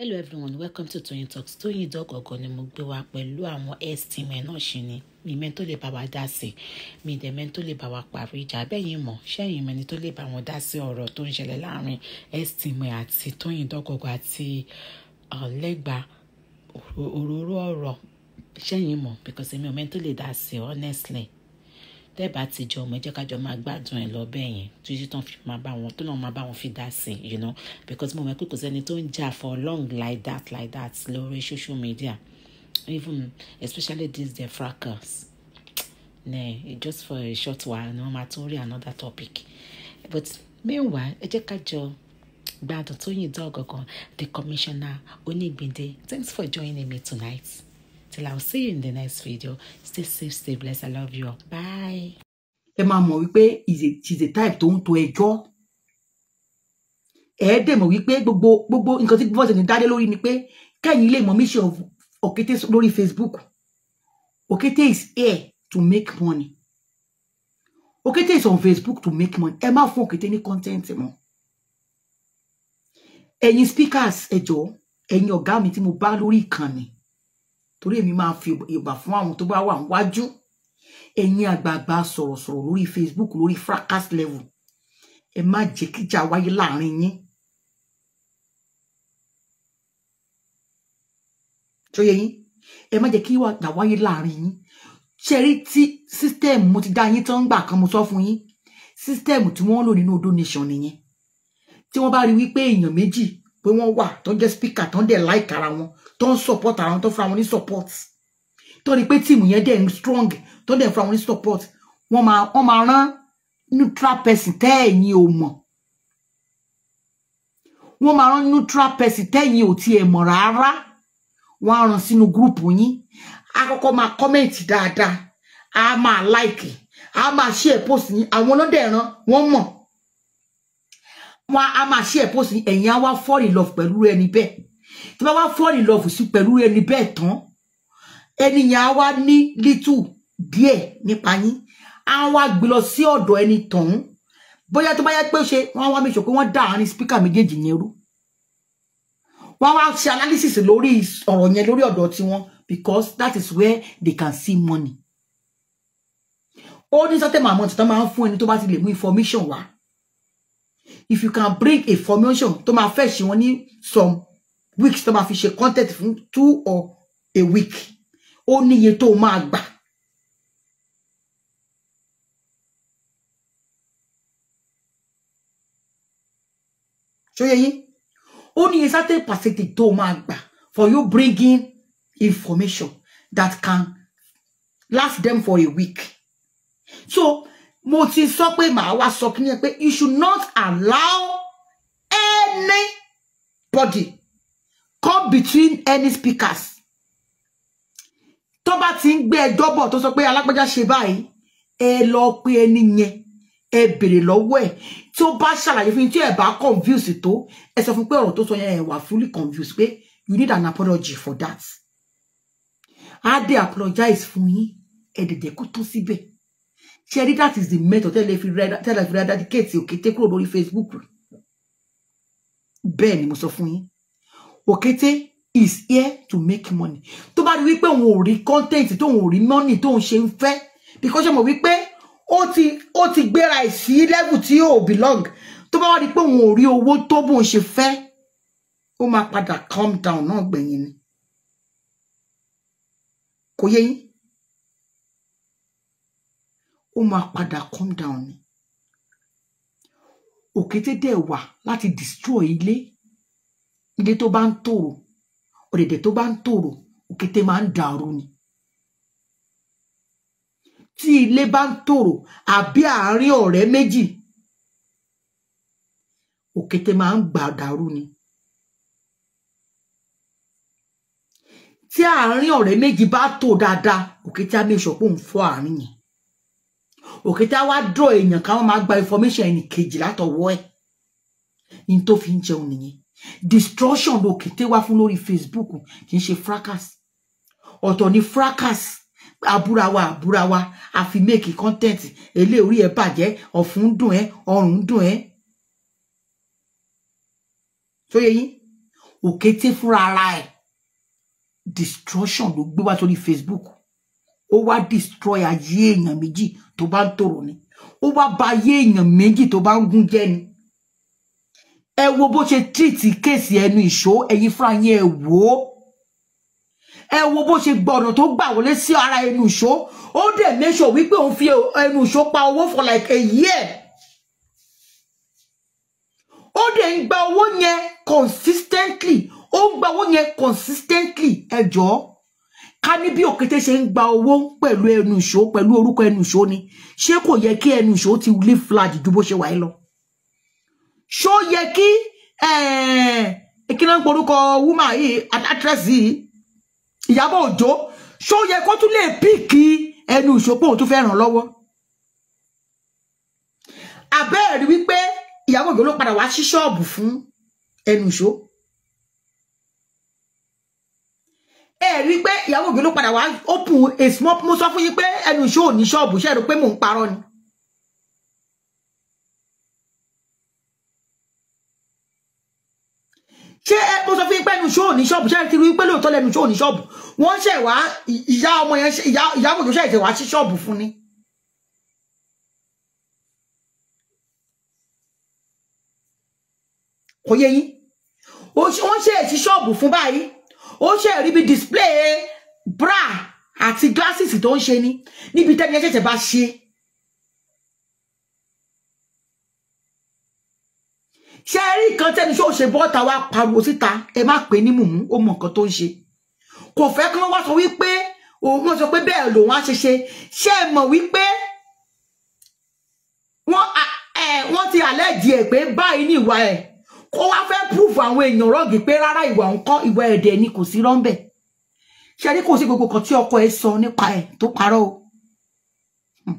hello everyone welcome to Tony Talks Toyeen dọ́gọ̀gọ̀ ni mo gbé wá pẹ̀lú àwọn ẹ́stímù ẹ̀ náà ṣì ni mi mẹ́ni tó lè bá wa dá sí mi dẹ̀ mẹ́ni tó lè bá wa parí ìjà bẹ́yìn mọ̀ ṣẹ́yìn mẹ́ni tó lè bá wọn dá sí ọ̀rọ̀ tó ń ṣẹlẹ̀ láàrin ẹ́stímù ẹ̀ àti Toyeen dọ́gọ̀gọ̀ àti Legba òróró ọ̀rọ̀ ṣẹ́yìn mọ̀ because èmi ò mẹ́ni tó lè dá sí honestly tẹ́ẹ̀bá ti jọ ọmọ ẹ jẹ́ ká jọ máa gbádùn ẹ̀ lọ bẹ́ẹ̀ yẹn títí tán fi máa bá wọn tó náà máa bá wọn fi dá sí you know because mo mọ̀ pé kò sẹ́ni tó ń jà for long like that like that lórí social media even especially these their fracas ne just for a short while ni wọ́n máa tún rí another topic but meanwhile ẹ jẹ́ ká jọ gbádùn Tóyìn dọ́gọ̀gàn the commissioner Onígbìndé thanks for joining me tonight. Till I'll see you in the next video. Stay safe, stay blessed. I love you Bye. Ẹ máa mọ̀ wípé she's a type tó ń to ẹjọ́. Ẹ dẹ̀ mọ̀ wípé gbogbo gbogbo nǹkan tí bọ́ọ̀sì ní dádé lórí ni pé kẹ́yìn lè mọ̀ mission of Okete lórí Facebook. Okete is here to make money. Okete is on Facebook to make money. Ẹ má fún Okete ní content mọ́. Ẹ̀yin speakers ẹ jọ̀ọ́ ẹ̀yin ọ̀gá mi tí mo bá lórí ìkànnì torí èmi máa fi ìbà fún àwọn tó bá wà níwájú ẹ̀yin àgbààgbà sọ̀rọ̀sọ̀rọ̀ lórí Facebook lórí fracas level ẹ má jẹ́ kíjà wáyé láàrin yín tó yẹ yín ẹ má jẹ́ kí wàjà wáyé láàrin yín ṣẹrí tí sísítẹ́ẹ̀mù mo ti dá yín tán gbà kan mo sọ fún yín sísítẹ́ẹ̀mù tí wọ́n lò nínú donation nìyẹn tí wọ́n bá rí wípé èèyàn méjì pé wọ́n wà tó jẹ́ spíkà tó ń dẹ̀ láìka ara wọn tó support àwọn tó family. àwọn ní support tó rí pé tíìmù yẹn dẹ̀ strong tó dẹ̀ family support wọ́n máa wọ́n máa rán neutral person tẹ́ ẹ̀yin ò mọ̀ wọ́n máa rán neutral person tẹ́ ẹ̀yin ò tiẹ̀ mọ̀ rárá wọ́n á rán sínú gúrùpù yín á kọ́kọ́ máa kọ́mẹ̀ntì dáadáa á máa láìkì á share post yín àwọn ọlọ́dẹ̀ ẹ̀ràn wọ́n mọ̀ wọ́n a máa share post yín ẹ̀yin á wá fall in love pẹ̀lú ẹni bẹ́ẹ̀ tí bá wá fall in love sí pẹ̀lú ẹni bẹ́ẹ̀ tán ẹni yẹn á wá ní little díẹ̀ nípa yín á wá gbé lọ sí ọ̀dọ̀ ẹni tọ̀hún bóyá tó bá yẹ pé ṣe wọ́n wá mi ṣòkó wọ́n dá àárín spíkà méjèèjì yẹn rú wọ́n wá ṣe analysis lórí ọ̀rọ̀ yẹn lórí ọ̀dọ̀ tiwọn because that is where they can see money ó ní sọ́tẹ̀ màmá tuntun máa ń fún ẹni tó bá ti lè mú information wá if you can bring information tó máa fẹ́ ṣe wọn ní some weeks to máa fi ṣe content fún two or a week ó níye tó máa gbà. ṣóyẹ yín ó níye certain percentage tó máa gbà for you bringing information that can last them for a week. so mo ti sọ pé màá wá sọ you should not allow anybody come between any speakers tó bá ti ń gbé ẹjọ́ bọ̀ tó sọ pé alágbájá ṣe báyìí ẹ lọ pé ẹni yẹn ẹ bèrè lọ́wọ́ ẹ̀ tí ó bá ṣàlàyé fún yín tí ẹ bá confuse tó ẹ sọ fún pé ọ̀rọ̀ tó sọ yẹn ẹ wà fully confused pé you need an apology for that á dé apologize fún yín ẹ dẹ̀dẹ̀ kó tó síbẹ̀ ṣe rí that is the method tẹ́lẹ̀ fi rẹ́dá dedicate òkété kúrò lórí Facebook bẹ́ẹ̀ ni mo sọ fún yín Okete is here to make money tó bá rí wípé òun ò rí content tóun ò rí money tóun ṣe ń fẹ́ because ṣe mọ̀ wípé ó ti ó ti gbéra ẹ̀ sí level tí ò belong tó bá wá rí pé òun ò rí owó tó bóun ṣe fẹ́ ó máa padà calm down náà gbẹ̀yìn ni kò yé yín ó máa padà calm down ni òkété dẹ̀ wà láti destroy ilé ilé tó bá ń tòrò ọ̀dẹ̀dẹ̀ tó bá ń tòrò òkété máa ń dàrú ni tí ilé bá ń tòrò àbí àárín ọ̀rẹ́ méjì òkété máa ń gbà dàrú ni tí àárín ọ̀rẹ́ méjì bá tò dáadáa òkété á méṣọ pé fọ́ àárín yẹn òkété á wá dọ̀ èèyàn káwọn máa gba information ẹnì kejì látọwọ́ ẹ̀ ní tó fi ń jẹun nìyẹn destruction ló kete wa fún lórí facebook kì í fracas ọ̀tọ̀ ni fracas abúrawa abúrawa àfi make content ele orí ẹ bàjẹ́ ọ̀fun ń e ẹ́ ọrùn ń dùn ẹ́ tó yẹ yín òkété ara ẹ̀ destruction ló gbé wá sórí facebook ó wá destroy ayé èèyàn méjì tó bá ń tòrò ni ó wá bà ayé èèyàn méjì tó bá ń gún ni ẹ wo bó ṣe tírìtì kéèsì ẹnu ìṣó ẹ̀yin fúnra yín ẹ wò ó ẹ wo bó ṣe gba ọ̀nà tó gbà wọlé sí ara ẹnu ìṣó ó dẹ̀ mẹ́ṣọ̀ wípé òun fi ẹnu ìṣó pa owó for like a year ó dẹ̀ ń gba owó yẹn consistently ó ń gba owó yẹn consistently ẹ jọ̀ọ́ ká ní bí òkété ṣe ń gba owó pẹ̀lú ẹnu ìṣó pẹ̀lú orúkọ ẹnu ìṣó ni ṣé kò yẹ kí ẹnu ìṣó ti live flag ju bó ṣe wà yìí lọ ṣó yẹ kí ìkíná eh, ń porúkọ woman yìí actress yìí Ìyábọ̀ Òjó ṣó yẹ kó tún lè píìkì ẹnu ìṣòpò òun tún fẹ́ ràn lọ́wọ́ àbẹ́ẹ̀rí wípé Ìyábọ̀ Òjó ló padà wá sí ṣọ́ọ̀bù fún ẹnu ìṣó ẹ rí pé Ìyábọ̀ Òjó ló padà wá open a small mo sọ fún yín pé ẹnu ìṣó ò ní ṣọ́ọ̀bù ṣe rò pé mò ń parọ́ ni ṣé ẹ mo sọ fún yín pé ẹnu ṣóò ní ṣọ́ọ̀bù ṣé ẹ ti rí pé lóòótọ́ lẹnu ṣóò ní ṣọ́ọ̀bù wọ́n ṣẹ̀ wá ìyá ọmọ yẹn ìyá òjò ṣẹ̀ ṣẹ̀ wá sí ṣọ́ọ̀bù fún ni. kò yé yín wọ́n ṣe èsì ṣọ́ọ̀bù fún báyìí ó ṣe ríbi display bra àti glasses tó ń ṣe ni níbi tẹ́ni bá ṣe ṣé ẹ rí nǹkan tẹ́ni ṣó ṣe bọ́ta wá pariwo síta ẹ má pè é ní mùmú ó mọ nǹkan tó ń ṣe kò fẹ́ kí wọ́n wá sọ wípé òun wọ́n sọ pé bẹ́ẹ̀ lòun á ṣe ṣe ṣé ẹ mọ̀ wípé wọ́n wọ́n ti àlẹ́jì ẹ̀ pé báyìí ní ìwà ẹ̀ kó wá fẹ́ púùfù àwọn èèyàn rọ́ọ̀gì pé rárá ìwà ńkọ́ ìwà ẹ̀dẹ̀ ni kò sí rọ́ńbẹ̀ ṣe rí kò sí gbogbo kan tí ọkọ ẹ sọ nípa ẹ tó parọ́ o hmm.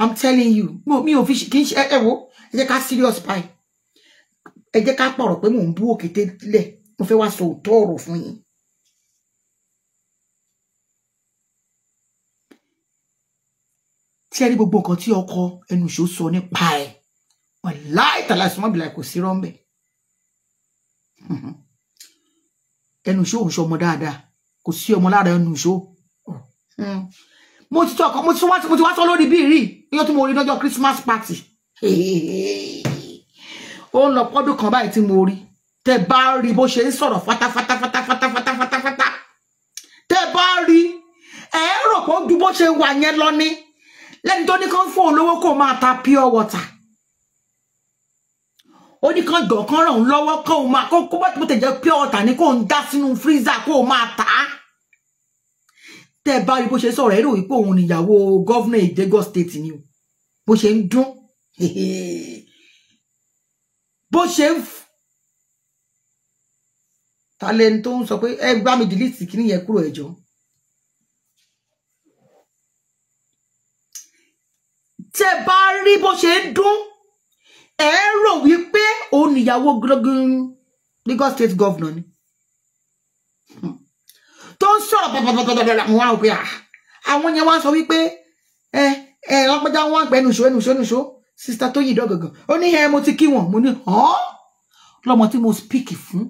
i'm telling you mi ò fi kì í ṣe ẹ wo ẹ jẹ́ ká serious báyìí ẹ jẹ́ ká pọ̀rọ̀ pé mò ń bú òkété lẹ̀ mo fẹ́ wá sọ òótọ́ ọ̀rọ̀ fún yín. tí ẹ rí gbogbo nǹkan tí ọkọ ẹnu ìṣó sọ nípa ẹ wọn láì tàlà sọmọ bìlà kò sí rọmbẹ ẹnu ìṣó òun ṣọmọ dáadáa kò sí ọmọ lára ẹnu hmm. mo ti tọkọ mo ti wá sọ lórí bí rí iyọ tí mo rí lọ́jọ́ Christmas party. Hey, hey, hey ó ń lọ pọ́dún kan báyìí tí mo rí tẹ bá rí bó ṣe ń sọ̀rọ̀ fátáfátáfátáfátáfátá tẹ bá rí ẹ rò pé ó ju bó ṣe wà yẹn lọ ní lẹ́ni tó ní kán fún òun kó máa ta pure water ó ní kán jọ kán ràn lọ́wọ́ kó o máa kó bá tó tẹ̀jẹ́ pure water ni kó o ń dá sínú freezer kó o máa tà á tẹ́ ẹ bá rí bó ṣe sọ̀rọ̀ ẹ̀rọ wípé òun níyàwó gọ́vnà Lagos state ni o bó ṣe ń dún bó ṣe ń ta lẹni tó ń sọ pé ẹ gbá mi dìlítì kíní yẹn kúrò ẹjọ́ tẹ bá rí bó ṣe ń dún ẹ rò wípé òun níyàwó gúlógún Lagos state governor ni tó ń sọ̀rọ̀ bàbàbàbàbà wọn àwọn pé àwọn yẹn wá sọ wípé ẹ ẹ ọpẹjà wọn pẹ nùṣó nùṣó nùṣó sista tó yìí dọ́gangan ó ní ẹ mo ti kí wọn mo ní hàn lọ́mọ tí mo speak fún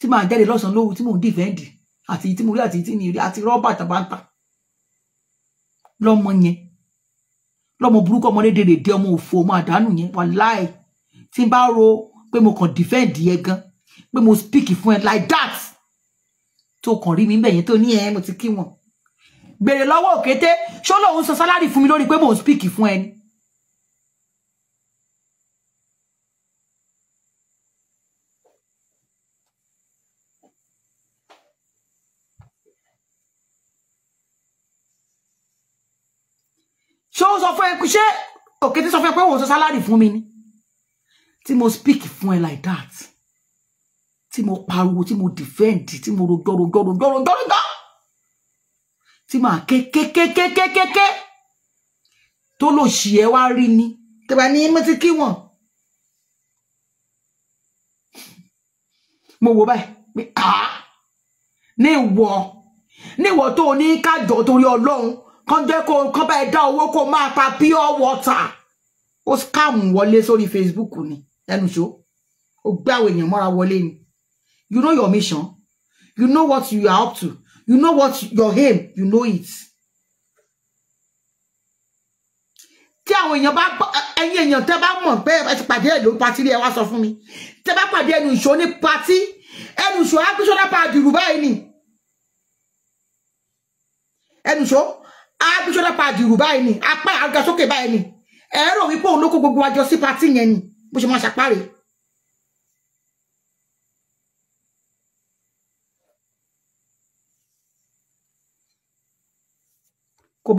tí màá jáde lọ́sàn-án lówó tí mò ń dìvẹ́ǹdì àti tí mo rí àti tí mi rí àti rọ́bà tàbátà lọ́mọ yẹn lọ́mọ burúkú ọmọ lédèrè dé ọmọ òfò ọmọ àdánù yẹn wà láì tí n bá ro pé mo kàn dìfẹ́ǹdì ẹ gan pé mo speak fún ẹ like that tó kàn rí mi bẹ̀ yẹn tó ní ẹ mo ti kí wọn gbèrè lọ́wọ́ òkété ṣó lóun san sálárì fún mi lórí pé mo speak fún ẹni ṣé ó sọ fún ẹ ṣé òkété sọ fún ẹ pé òun sọ sálárì fún mi ni tí mo speak fún ẹ like that tí mo pariwo tí mo defend tí mo rojọ́ rojọ́ rojọ́ rojọ́ rojọ́ tí màá kékékékékékéké tó lò sí ẹ wá rí ni tẹ̀bà ní mo ti kí wọn. mo wò báyìí pé ah ní ìwọ ní ìwọ tó ní kájọ torí Ọlọ́run kán jẹ́ kó kán bá ẹ dá owó kó máa ta pure water ó scam wọlé sórí Facebook ni ẹnu ṣó ó gbé àwọn èèyàn mọ́ra wọlé ni you know your mission you know what you are up to you know what your aim you know it. tí àwọn èèyàn bá ẹ̀yin èèyàn tẹ́ bá mọ̀ pé ẹ ti pàdé ẹlò pati rí ẹ wá sọ fún mi tẹ́ bá pàdé ẹnu ìṣó ní pati ẹnu ìṣó agbésọ́dá pa àdìrú báyìí ni ẹnu ìṣó abisola pàdìrù báyìí ni apá àga sókè báyìí ni ẹ rò wípé òun ló kó gbogbo àjọ sí pátì yẹn ni bó ṣe máa ṣàpárẹ.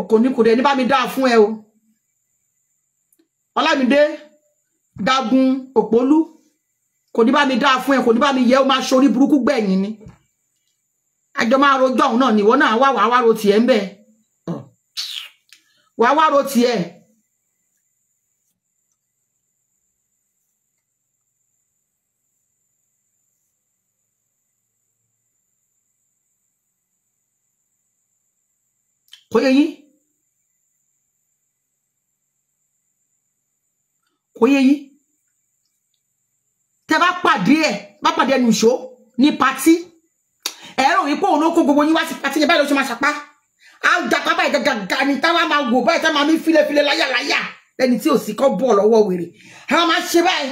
kò ní kò dé ní bá mi dáa fún ẹ o ọlámídé dagun òpólú kò ní bá mi dáa fún ẹ kò ní bá mi yẹ ó máa ṣorí burúkú gbẹ̀yìn ni àjọ máa rojọ́ òun náà nìwọ náà wà wàá wá ro tiẹ̀ ń bẹ́ẹ̀ wà wá ro tiẹ̀. kò yé yín kò yé yín tẹ bá pàdé ẹ bá pàdé ẹnu ìṣó ní patí ẹ rò wípé òun ló kó gbogbo yín wá sí patí yẹn báyìí ló ṣe máa ṣapá da á japa báyìí gàgàgà ni táwa máa wò báyìí táwa máa mí filẹ̀filẹ̀ láyàláyà lẹni tí ò sì kọ́ bọ̀ lọ́wọ́ wèrè àwọn máa ṣe báyìí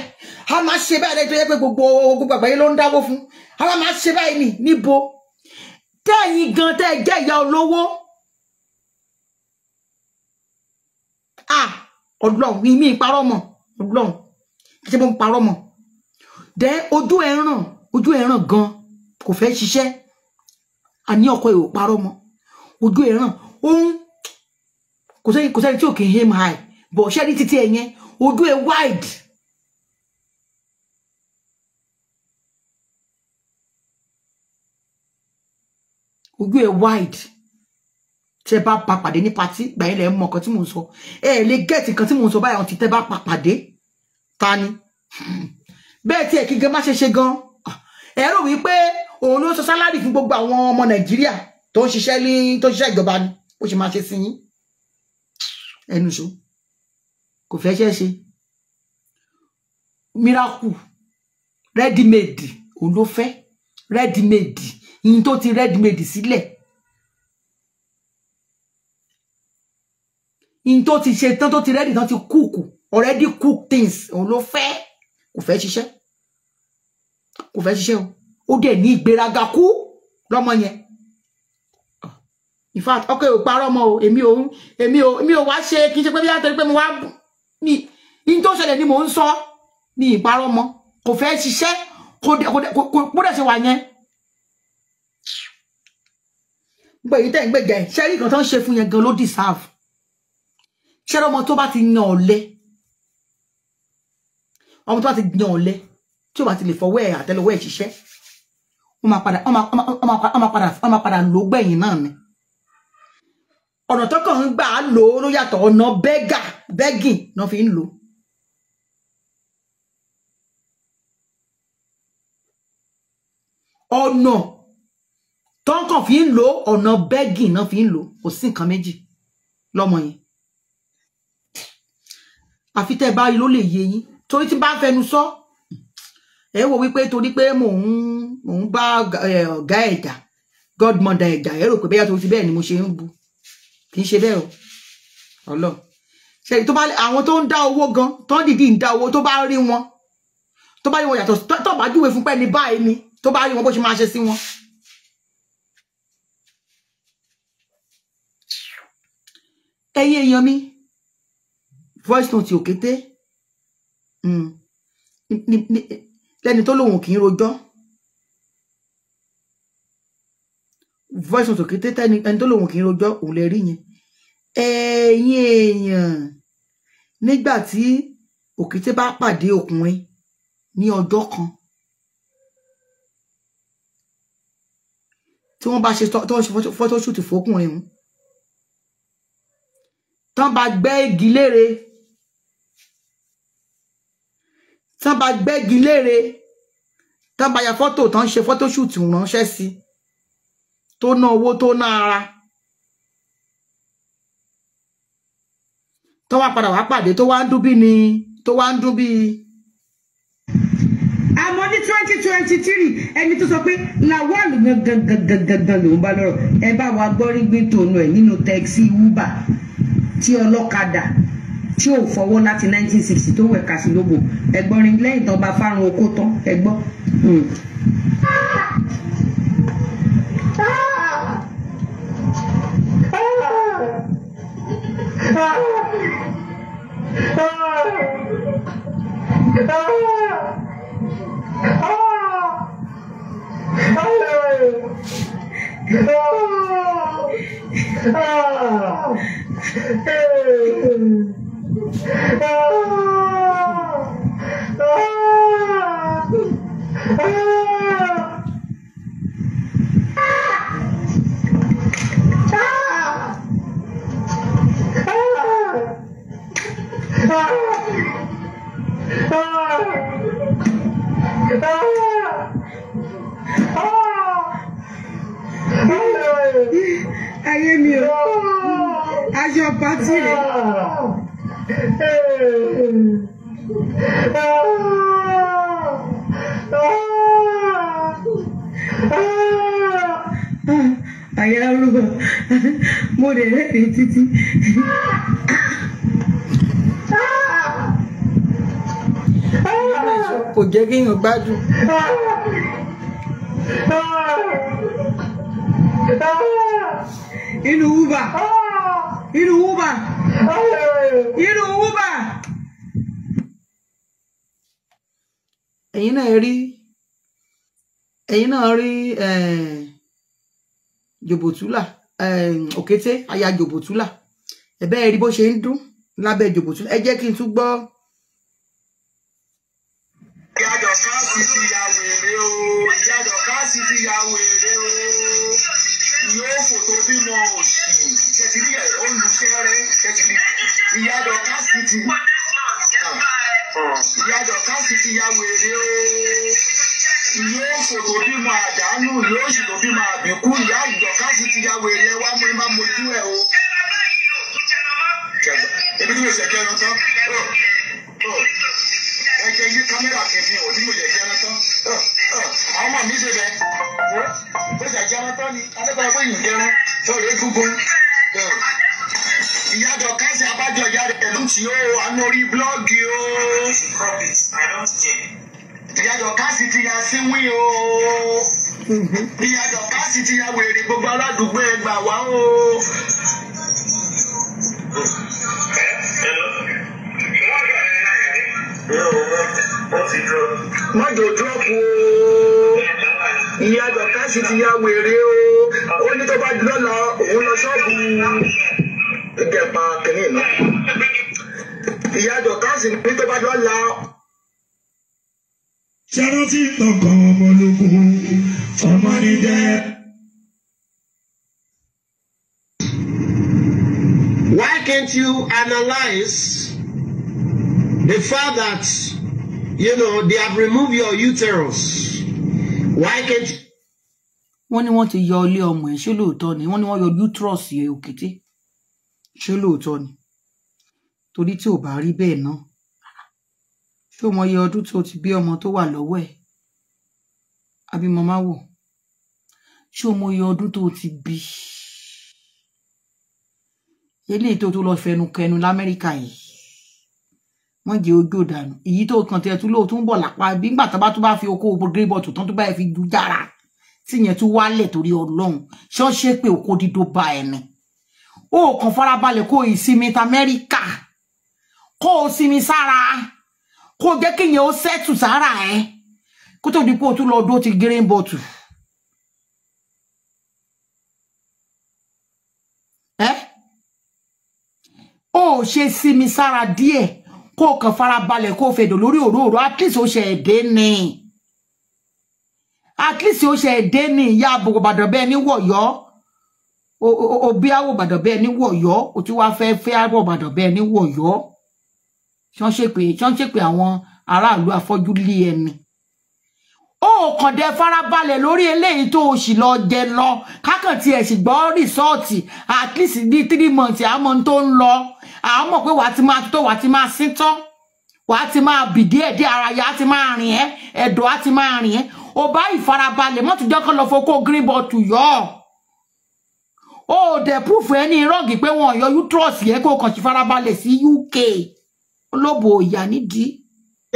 àwọn máa ṣe báyìí lẹ́yìn tó yẹ pé gbogbo gbogbo àgbáyé ló ń dáwó fún àwọn máa ṣe báyìí nì níbo tẹ́yìn gan tẹ́ jẹ́ ìyá olówó ọlọ́run mi mi parọ́ mọ̀ ọlọ́run ṣé mo ń parọ́ mọ̀ dẹ́ ojú ẹ̀ràn ojú ẹ̀ràn gan kò fẹ́ ṣiṣẹ́ àní ọkọ ẹ̀ ò parọ́ mọ́ ojú ẹ̀ ràn òun kò sẹ́yìn kò sẹ́yìn tí ò kì í aim high bọ̀ ṣẹ́rí títí ẹ̀ yẹn ojú ẹ̀ wide. ojú ẹ̀ wide tẹ bá pa pàdé ní patí gbà yín lẹ mọ nǹkan tí mò ń sọ ẹ lè gẹẹtì nǹkan tí mò ń sọ báyìí ọtí tẹ bá pa pàdé ta ni bẹ́ẹ̀ tí ẹ kí gan má ṣe ṣe gan ẹ rò wípé òun ló sọ sálárì fún gbogbo àwọn ọmọ nàìjíríà tó ń ṣiṣẹ́ ní tó ń ṣiṣẹ́ ìjọba ni ó ṣe máa ṣe sí yín ẹnu ṣó kò fẹ́ ṣe ṣe miraku rẹ́dímèdì òun ló fẹ́ rẹ́dímèdì yín tó ti rẹ́dímèdì sílẹ̀ yín tó ti ṣe tán tó ti rẹ́dì tán ti kúùkù already cook things òun ló fẹ́ kò fẹ́ ṣiṣẹ́ kò fẹ́ ṣiṣẹ́ o ó dẹ̀ ní ìgbéraga kú lọ́mọ yẹn in fact okay, ò parọ́ mọ́ o èmi ò èmi ò èmi ò wa ṣe kì í ṣe pé bí látọ̀rí pé mo wá ní ní tó ṣẹlẹ̀ ni mò ń sọ ní ìparọ́ mọ́ kò fẹ́ ṣiṣẹ́ kó dẹ̀ ṣe wà yẹn. gbọ́ èyí tẹ̀ ń gbẹ̀gẹ̀ ṣẹ́rí kan tó ń ṣe fún yẹn gan ló deserve ṣẹ́rí ọmọ tó bá ti yan ọ̀lẹ ọmọ tó bá ti yan ọ̀lẹ tí o bá ti lè fọwọ́ ẹ̀ àtẹlẹwọ́ ẹ̀ ṣiṣẹ́ wọ́n máa padà lógbẹ̀yìn náà ni ọ̀nà tó kàn ń gbà á lò ó ló yàtọ̀ ọ̀nà bẹ́gà bẹ́gìn náà fi ń lò. ọ̀nà tó ń kàn fi ń lò ọ̀nà bẹ́gìn náà fi ń lò kò sí nǹkan méjì lọ́mọ yẹn. àfi tẹ́ ẹ bá rí ló lè yé yín torí tí bá ń fẹnu sọ ẹ wò wípé torí pé mò ń mò ń bá ọ̀gá ẹ̀dà godmother ẹ̀dà ẹ rò pé bẹ́ẹ̀ tó ti bẹ́ẹ̀ ni mo ṣe ń bu kì í ṣe bẹ́ẹ̀ o ọlọ́run ṣe tó bá àwọn tó ń dá owó gan tó ń dìdí ń dá owó tó bá rí wọn tó bá rí wọn yàtọ̀ tó bá júwe fún pẹ́ni báyìí ni tó bá rí wọn bó ṣe máa ṣe sí wọn. ẹ̀yin èèyàn mi voice note òkété hmm. lẹ́ni tó lóun kì í rojọ́. voice note kí tẹ́tẹ́ ni ẹni tó lòun kì í rojọ́ òun lè rí yẹn ẹ̀yin èèyàn nígbà tí òkété bá pàdé ọkùnrin ní ọjọ́ kan tí wọ́n bá ṣe tó ṣe photoshoot fọkùnrin hun tán bá gbẹ́ igi léèrè tán bá gbẹ́ igi léèrè tán bá ya fọ́tò tán ṣe photoshoot ránṣẹ́ sí i tó ná owó tó ná ara tó wá padà wá pàdé tó wá ń dún bí ni tó wá ń dún bí. àmọ́ ní twenty twenty three ẹni tó sọ pé Lawal gangan lòún bá lọ́rọ̀ ẹ bá wa gbọ́ rí gbé tòun ẹ̀ nínú tẹ́kisì uber tí ọlọ́kadà tí ò fọwọ́ láti 1960 tó wẹ̀ka sí lóbo ẹ̀gbọ́n rin lẹ́yìn tán bá fárun oko tán ẹ̀gbọ́n. Hmm. Oh! ayé mi o aṣọ pati rẹ. àyà arúgbó mo rẹ̀ rẹ̀ títí. jẹ́ kéèyàn gbádùn. inú wúbà inú wúbà inú wúbà. ẹ̀yin náà rí ẹ̀yin náà rí eh, jòbòtúlà eh, òkété aya jòbòtúlà ẹ̀bẹ́ rí bó ṣe ń dún lábẹ́ jòbòtúlà ẹ jẹ́ kí n tún gbọ́ ìyá dọ̀kásì ti ya wèrè o ìyá dọ̀kásì ti ya wèrè o yóò fòtò bímọ òsì kẹtìrí ẹ olùfẹrẹ kẹtìrí ìyá dọ̀kásì ti ìyá dọ̀kásì ti ya wèrè o yóò fòtò bímọ àdánù yóò sì tó bímọ àbíkú ìyá dọ̀kásì ti ya wèrè ẹ wá mú ẹ má mojú ẹ o. ebi tí mo ṣe kí ẹ lọ tán. yìí o àánú orí búlọ́ọ̀gì o. ìyàjọ káàsì ti ya síwí o. Mm-hmm. ìyàjọ káàsì ti ya wèrè gbogbo aládùúgbò ẹ gbà wá o. mọ́jọ dúrọ́pù o ìyàjọ káàsì ti ya wèrè o ó ní tó bá dúró la òun lọ ṣọ́ọ̀bù gẹ̀ẹ́pà kìnìún náà ìyá Dorkas ní tó bá dọ́là. ṣẹ́rántí tọkàn ọmọlógún ọmọ Why can't you analyze the fact that you know they have removed your uterus? Why can't you? wọ́n ní wọ́n ti yọ ilé ọmọ ẹ̀ ṣé lóòótọ́ ni wọ́n ní wọ́n yọ uterus yẹ òkété ṣé lóòótọ́ ni torí tí ò bá rí bẹ́ẹ̀ náà ṣó mọ iye ọdún tó ti bí ọmọ tó wà lọ́wọ́ ẹ̀ abímọ má wò ṣó mọ iye ọdún tó ti bí eléyìí tó tó lọ fẹnu kẹnu lamẹ́ríkà yìí wọ́n jẹ́ ojú òdànù èyí tó kàn tẹ̀ tún lóò tó bọ̀ lápá bí ńgbà tó bá tún bá fi okó grébọ̀ tó tán tó bá fi ju jára tí yẹn tún wálẹ̀ torí ọlọ́run ṣọ́ọ́ṣẹ́ pé okó dídó ba ẹni ó kàn farabalẹ̀ kó ìsinmi tamẹ́ríkà ko si mi sara ko je kiye o setu sara e ko to di po tu lo do ti green bottle o se si mi sara die ko kan fara balẹ ko fedo lori oro oro at o se ede ni at o se ede ni ya bo badan be ni woyo obi awo badan be ni woyo o ti wa fe fe awo badan be ni woyo tí wọ́n ṣe pé tí wọ́n ṣe pé àwọn aráàlú afọ́jú lé ẹni ó kàn dé farabalẹ̀ lórí eléyìí tó o sì lọ jẹ lọ kákàn tiẹ̀ sì gbọ́ rìsọ́ọ̀tì at least bíi three months àmọ́ tó ń lọ àmọ́ pé wàá ti máa tó wàá ti máa sín tán wàá ti máa bì díẹ̀ díẹ̀ ara yà ti máa rìn ẹ́ ẹ̀dọ̀ á ti máa rìn ẹ́ ò bá ìfarabalẹ̀ mọ́tò jẹ́ lọ fokó green ball tù yọ ọ́ ó dẹ̀ proof ẹni rọ́ọ̀gì pé wọ́n yọ uterus yẹ kó kàn sí farabalẹ̀ sí UK olóbo ìyá nídìí.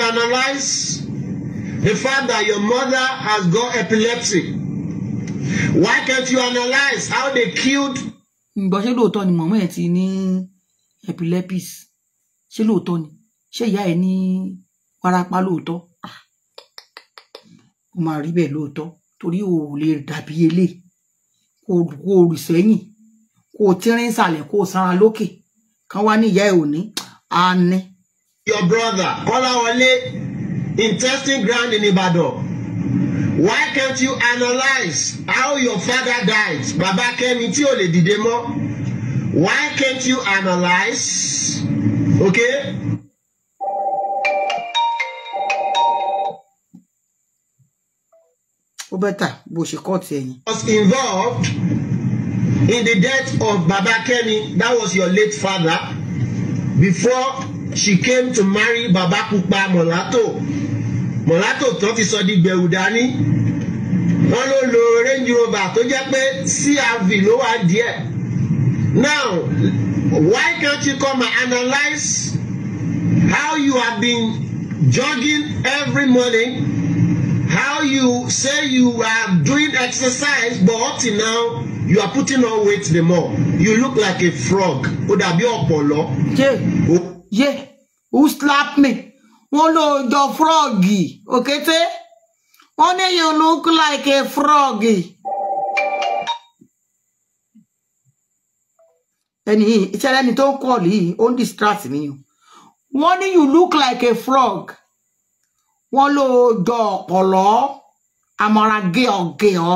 analyze the fact that your mother has got epilepsy why can't you analyse how they killed. ǹgbọ́n ṣé lóòótọ́ ni mọ̀mọ́ ẹ̀ ti ní epilepsy ṣé lóòótọ́ ni ṣé ìyá ẹ̀ ní warapa lóòótọ́ ó ah, máa rí bẹ́ẹ̀ lóòótọ́ torí o ò lè dàbí elé kó o rì sẹ́yìn kó o tírín ìsàlẹ̀ kó o sanra lókè kán wá ní ìyá ẹ̀ ò ní àá your brother Kolawole in testing ground in Ibadan why can't you analyse how your father died baba Kẹ́mi tí ò lè dìde mọ́ why can't you analyse okay. ó bẹ́tà bó ṣe kọ́ọ̀tì ẹ̀yìn. was involved in the death of baba Kẹ́mi that was your late father before she came to marry baba pupa mọ̀látò mọ̀látò tó ti sọ di gbẹ̀wù dání wọ́n ló lo range rover tó jẹ́ pé crv ló wà díẹ̀ now why can't you come and analyse how you have been jogging every morning how you say you are doing exercise but up till now you are putting on weight the more you look like a frog ó dàbí ọ̀pọ̀lọ́. Yeah yé who slap me wọn ló jọ froggy. Okay, wọn ní you look like a froggy. ẹni ìṣẹ̀lẹ̀ ẹni tó ń kọ yìí ó ń distract mi o you look like a frog wọn ló jọ ọ̀pọ̀lọ́ amara gẹọgẹọ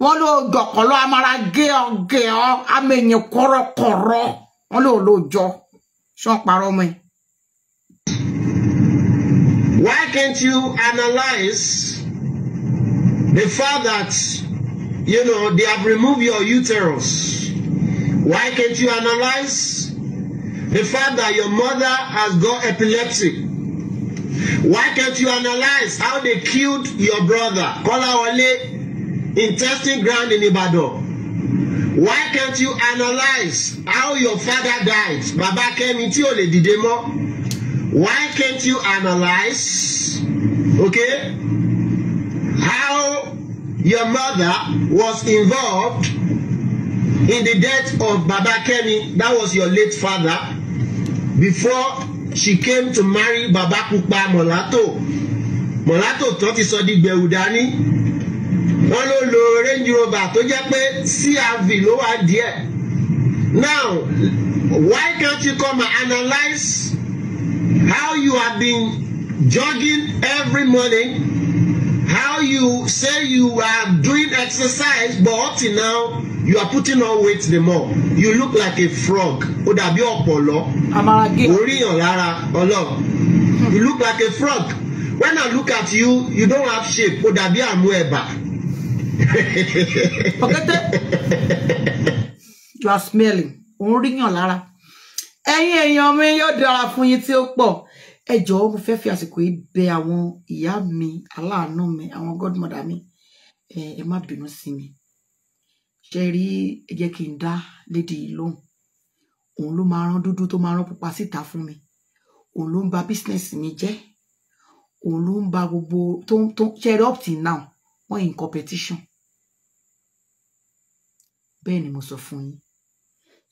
wọn ló jọ ọ̀pọ̀lọ́ amara gẹọgẹọ amẹyìn kọ̀rọ̀kọ̀rọ̀ wọn ló ló jọ ṣọ́n ọmọ ẹ̀. Why can't you analyze the fact that you know they have removed your uterus? Why can't you analyze the fact that your mother has got epilepsy? Why can't you analyze how they killed your brother Kolawole in testing ground in Ibadan? Why can't you analyze how your father died? Baba Kẹ́mi tí ò lè dìde mọ́. Why can't you analyze, okay, how your mother was involved in the death of Baba Kemi? That was your late father before she came to marry Baba Kupa Molato. Molato tó ti sọ di gbẹ̀wù dání wọ́n ló lo Range Rover tó jẹ́ pé CRV ló wà díẹ̀ now why can't you come and analyse how you have been jogging every morning how you say you are doing exercise but up till now you are putting on weight the more you look like a frog ó dàbí ọ̀pọ̀lọ́ oríyàn lára ọlọ́run you look like a frog when I look at you you don't have shape ó dàbí àmú ẹ̀bà ọ̀kẹ́tẹ́ you are smelling òun ríyàn lára ẹ̀yin èèyàn mi yóò dára fún yín tí ó pọ̀ ẹ jọ̀ọ́ mo fẹ́ fi àsìkò yìí bẹ̀ àwọn ìyá mi aláàánú mi àwọn godmother mi ẹ má bínú sí mi ṣe rí ẹ jẹ́ kí n dá lédi lóhùn òun ló máa rán dúdú tó máa rán pupa síta fún mi òun ló ń ba business mi jẹ́ òun ló ń ba gbogbo tó ń tó ṣe rí up till now wọ́n in competition bẹ́ẹ̀ ni mo sọ fún yín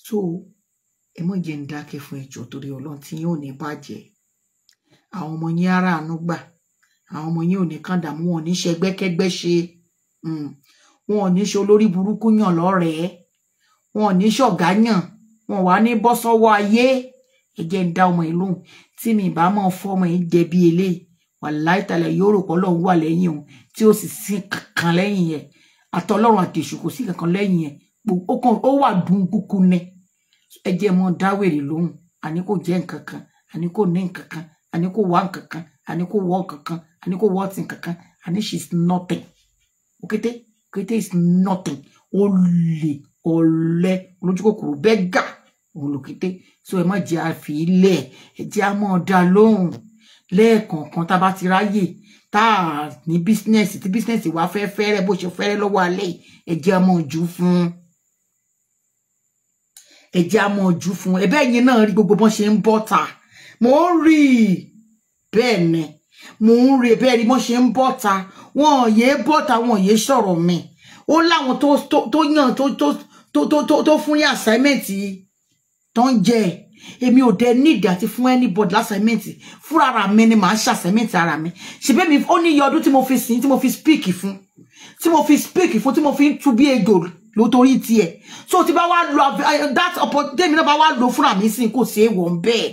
so ẹ mọ̀ jẹ́ ń dákẹ́ fún ìjọ torí ọlọ́run tí yóò ní bàjẹ́ àwọn ọmọ yín ara àánú gbà àwọn ọmọ yín ò ní kàn dààmú wọn ò ní ṣe ẹgbẹ́kẹ́gbẹ́ ṣe hmm. wọn ò ní ṣe olórí burúkú yàn lọ́rẹ̀ẹ́ wọn ò ní ṣọ̀gá yàn wọn wà ní bọ́ ayé ẹ jẹ́ ń dá ọmọ yìí lóhùn tí mi bá mọ̀ fọ́ ọmọ yìí jẹ̀bi eléyìí wàláì tàlẹ̀ yóò rò pé ọlọ́run wà lẹ́yìn òun tí ó sì sí kankan lẹ́yìn yẹn àtọlọ́run àtẹ̀sù kò sí kankan lẹ́yìn yẹn ó wà dùn kúkú ní ẹ jẹ́ mọ́ dáwèrè lóhùn àní kò jẹ́ nǹkan kan àní kò ní nǹkan kan àní kò wá nǹkan kan àní kò wọ́ nǹkan kan àní kò wọ́ ti nǹkan kan àní she is nothing òkété òkété is nothing olè ọ̀lẹ olójúkòkòrò bẹ́ẹ̀ gà òun lòkété so ẹ má jẹ́ àfi ilẹ̀ ẹ jẹ́ àmọ́ ọ̀dà lóhùn lẹ́ẹ̀kọ̀ọ̀kan tá a bá ti ráyè tá a ní bísínẹ́sì tí bísínẹ́sì wa fẹ́ fẹ́rẹ́ bó ṣe fẹ́rẹ́ lọ́wọ́ alẹ́ yìí ẹ̀jẹ̀ ọmọ ojú fún ẹ̀jẹ̀ ọmọ ojú fún ẹ̀bẹ́ yẹn náà rí gbogbo bọ́n ṣe ń bọ́ ta mò ń rí bẹ́ẹ̀ ni mò ń rí bẹ́ẹ̀ ni bọ́n ṣe ń bọ́ ta wọn yé bọ́ ta wọn yé sọ̀rọ̀ mi ó láwọn tó yàn tó fún ní assignment tó ń jẹ́ ẹ̀ èmi ò dẹ níìdì àti fún anybody lásàmẹ́ǹtì fúnra ara mi ni màá ṣàṣàmẹ́ǹtì ara mi ṣèbí mi ó ní iye ọdún tí mo fi sìn tí mo fi speak fún tí mo fi speak fún tí mo fi ń tú bí ejò lótorí tiẹ̀ so tí bá wá lo eh, that opportunity mi náà bá wá lo fúnra mi sí kò sí èèwọ̀ ń bẹ́ẹ̀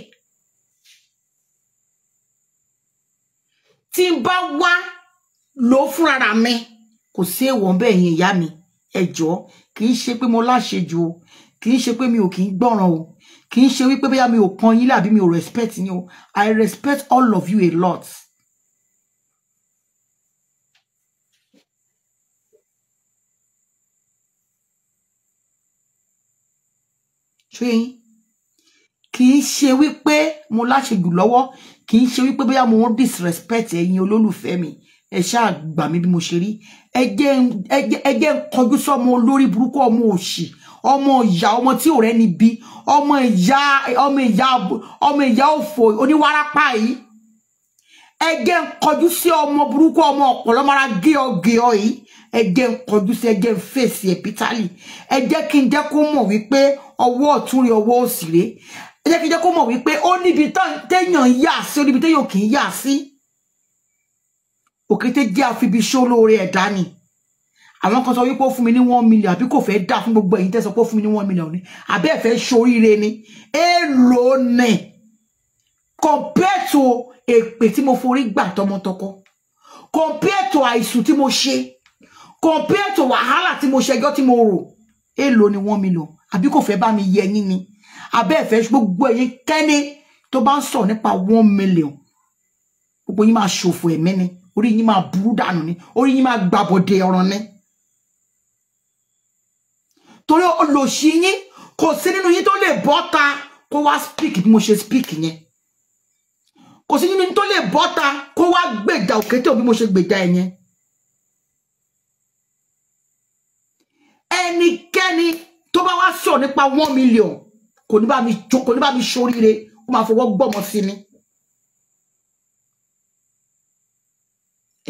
tí n bá wá lo fúnra ara mi kò sí èèwọ̀ ń bẹ́ẹ̀ yẹn ìyá mi ẹ̀jọ́ kì í ṣe pé mo láṣejù o kì í ṣe pé mi ò kì í gbọ́ràn o kì í ṣe wípé bóyá mi ò pọn yín lábí mi ò respect yín o I respect all of you a lot. ṣé yín kì í ṣe wípé mo láṣejù lọ́wọ́ kì í ṣe wípé bóyá mo ń disrespect ẹ̀yin olólùfẹ́ mi ẹ ṣáà gbà mí bí mo ṣe rí ẹ jẹ́ ń kọjú sọ́mọ olórí burúkú ọmọ òṣì ọmọ ìyá ọmọ tí ò rẹ́ ni bí ọmọ ìyá ọmọ ìyá ọmọ ìyá òfò oníwárápá yìí ẹgẹ́ ń kọjú sí ọmọ burúkú ọmọ ọ̀pọ̀lọ́mọra gíọ̀gíọ̀ yìí ẹgẹ́ ń kọjú sí ẹgẹ́ ń fèsì ẹ̀pítálì ẹ jẹ́ kí n jẹ́ kó mọ̀ wípé ọwọ́ ọ̀tún rẹ̀ ọwọ́ òsì rẹ̀ ẹ jẹ́ kí n jẹ́ kó mọ̀ wípé ó níbi téèyàn ń yà sí ó níbi téèyàn kì í yà sí òkété jẹ́ àfibiṣó lóore ẹ̀dá ni àwọn kan sọ wípé ó fún mi ní one million àbí kò fẹ́ dà fún gbogbo ẹ̀yin tẹ́ sọ pé ó fún mi ní one million ni àbí ẹ̀ fẹ́ ṣoríire ni èèlò ni compare to èpè tí mo forí gbà tọmọtọkọ compare to àìsùn tí mo ṣe compare to wàhálà tí mo ṣẹjọ́ tí mo rò èèlò ni one million àbí kò fẹ́ bá mi yẹ yín ni àbí ẹ̀ fẹ́ gbogbo ẹ̀yin kẹ́ni tó bá ń sọ nípa one million gbogbo yín máa ṣòfò ẹ̀mí ni orí yín máa burú dànù ni orí yín máa gbàbọ̀dé ọ̀ràn ni torí olòṣì yín kò sí nínú yín tó lè bọ́ta kó wá speak bí mo ṣe speak yẹn kò sí nínú yín tó lè bọ́ta kó wá gbèjà òkété bí mo ṣe gbèjà ẹ̀ yẹn. ẹnikẹ́ni tó bá wá sọ̀rọ̀ nípa one million kò ní bá mi jó kò ní bá mi ṣoríire ó máa fọwọ́ gbọ́mọ sí ni.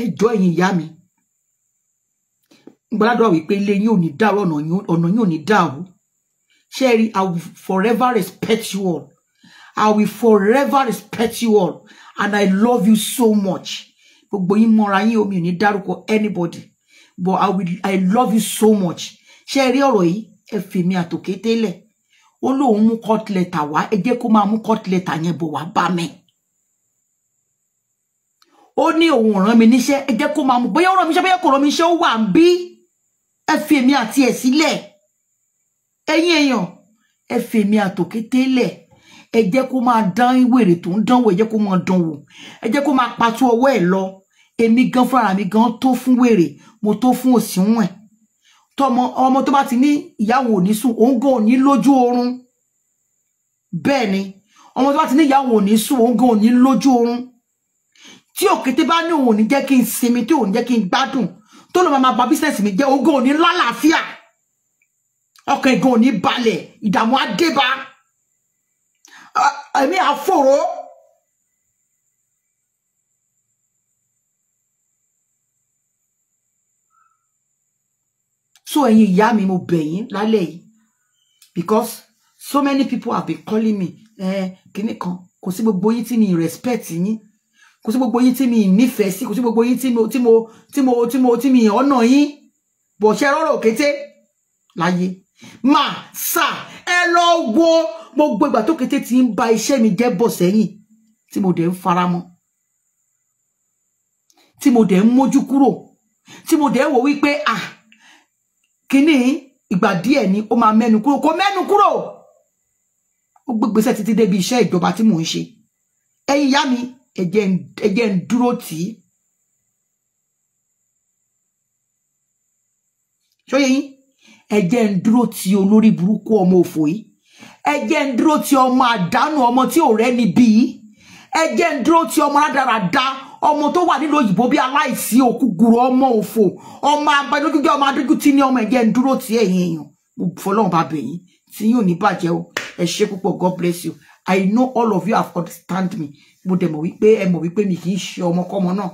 ẹ jọ ẹ̀yin ìyá mi gbọ́dọ̀ wípé ilé yín ò ní dàrú ọ̀nà yín ò ní dàrú ṣẹ́ẹ̀rí i will forever respect you all i will forever respect you all and i love you so much gbogbo yín mọ́ra yín omi ò ní dárúkọ anybody but i will i love you so much ṣẹ́ẹ̀rí ọ̀rọ̀ yìí ẹ fèmí àtòkè tẹ́lẹ̀ ó lóun mú kọ́tìlẹ̀tà wá ẹ jẹ́ kó máa mú kọ́tìlẹ̀tà yẹn bọ̀ wá bá mi ó ní òun ràn mí níṣẹ́ ẹ jẹ́ kó máa mú bóyá ó ràn mí níṣẹ́ bóyá kò ràn mí níṣẹ́ ó wà ń bí ẹ fi èmi àti ẹ̀ sílẹ̀ ẹ̀yin èèyàn ẹ fi èmi àtòkété lẹ̀ ẹ jẹ́ kó máa dán wèrè tó ń dánwò ẹ jẹ́ kó máa dánwò ẹ jẹ́ kó máa patú ọwọ́ ẹ̀ lọ èmi gan fúnra mi gan tó fún wèrè mo tó fún òsínwọ̀n tọmọ ọmọ tó bá ti ní ìyàwó òní sùn òun gan òní lójú oorun bẹ́ẹ̀ ni ọmọ tó bá ti ní ìyàwó òní sùn òun gan òní lójú oorun tí òkété bá ní òun ò ní jẹ́ kí n sinmi tí òun jẹ́ kí n gbádùn tó lọ máa ba business mi jẹ́ ogun òní lálàáfíà ọkàn ìgan òní balẹ̀ ìdààmú adébá ẹ̀mí àfòró. so ẹ̀yin ìyá mi mo bẹ̀ yín lálẹ́ yìí because so many people have been calling me eh, kíní kan kò sí gbogbo yín tí ni. respect yín kò sí gbogbo yín tí mi nífẹ̀ẹ́ sí kò sí gbogbo yín tí mo tí mo tí mo tí mo tí mi ọ̀nà yín bọ̀ ṣe rọ́rọ̀ kété láyé mà sà ẹ lọ wo gbogbo ìgbà tó kété ti ń ba iṣẹ́ mi jẹ́ bọ̀ sẹ́yìn tí mo dẹ̀ ń faramọ́ tí mo dẹ̀ ń mójú kúrò tí mo dẹ̀ ń wò wípé à kíní ìgbà díẹ̀ ni ó máa mẹ́nu kúrò kò mẹ́nu kúrò ó gbégbèsè títí débi iṣẹ́ ìjọba tí mò ń ṣe ẹ̀yin ìyá mi ẹ jẹ́ ń dúró tì í. ṣóyè yín ẹ jẹ́ ń dúró ti olórí burúkú ọmọ òfò yìí ẹ jẹ́ ń dúró ti ọmọ àdánù ọmọ tí ò rẹ́ni bí yìí ẹ jẹ́ ń dúró ti ọmọ rádaràda ọmọ tó wà nílùú òyìnbó bí aláìsí òkú gùrù ọmọ òfò ọmọ abẹnugígẹ ọmọ adójú tí ní ọmọ ẹ jẹ́ ń dúró ti ẹ̀yin èèyàn fọlọ́run bá bẹ̀yìn tí yóò ní bàjẹ́ o ẹ ṣe púpọ̀ God bless you I know all of you have understand me mo dẹ̀ mọ̀ wípé ẹ mọ̀ wípé mi kì í ṣe ọmọkọ́mọ náà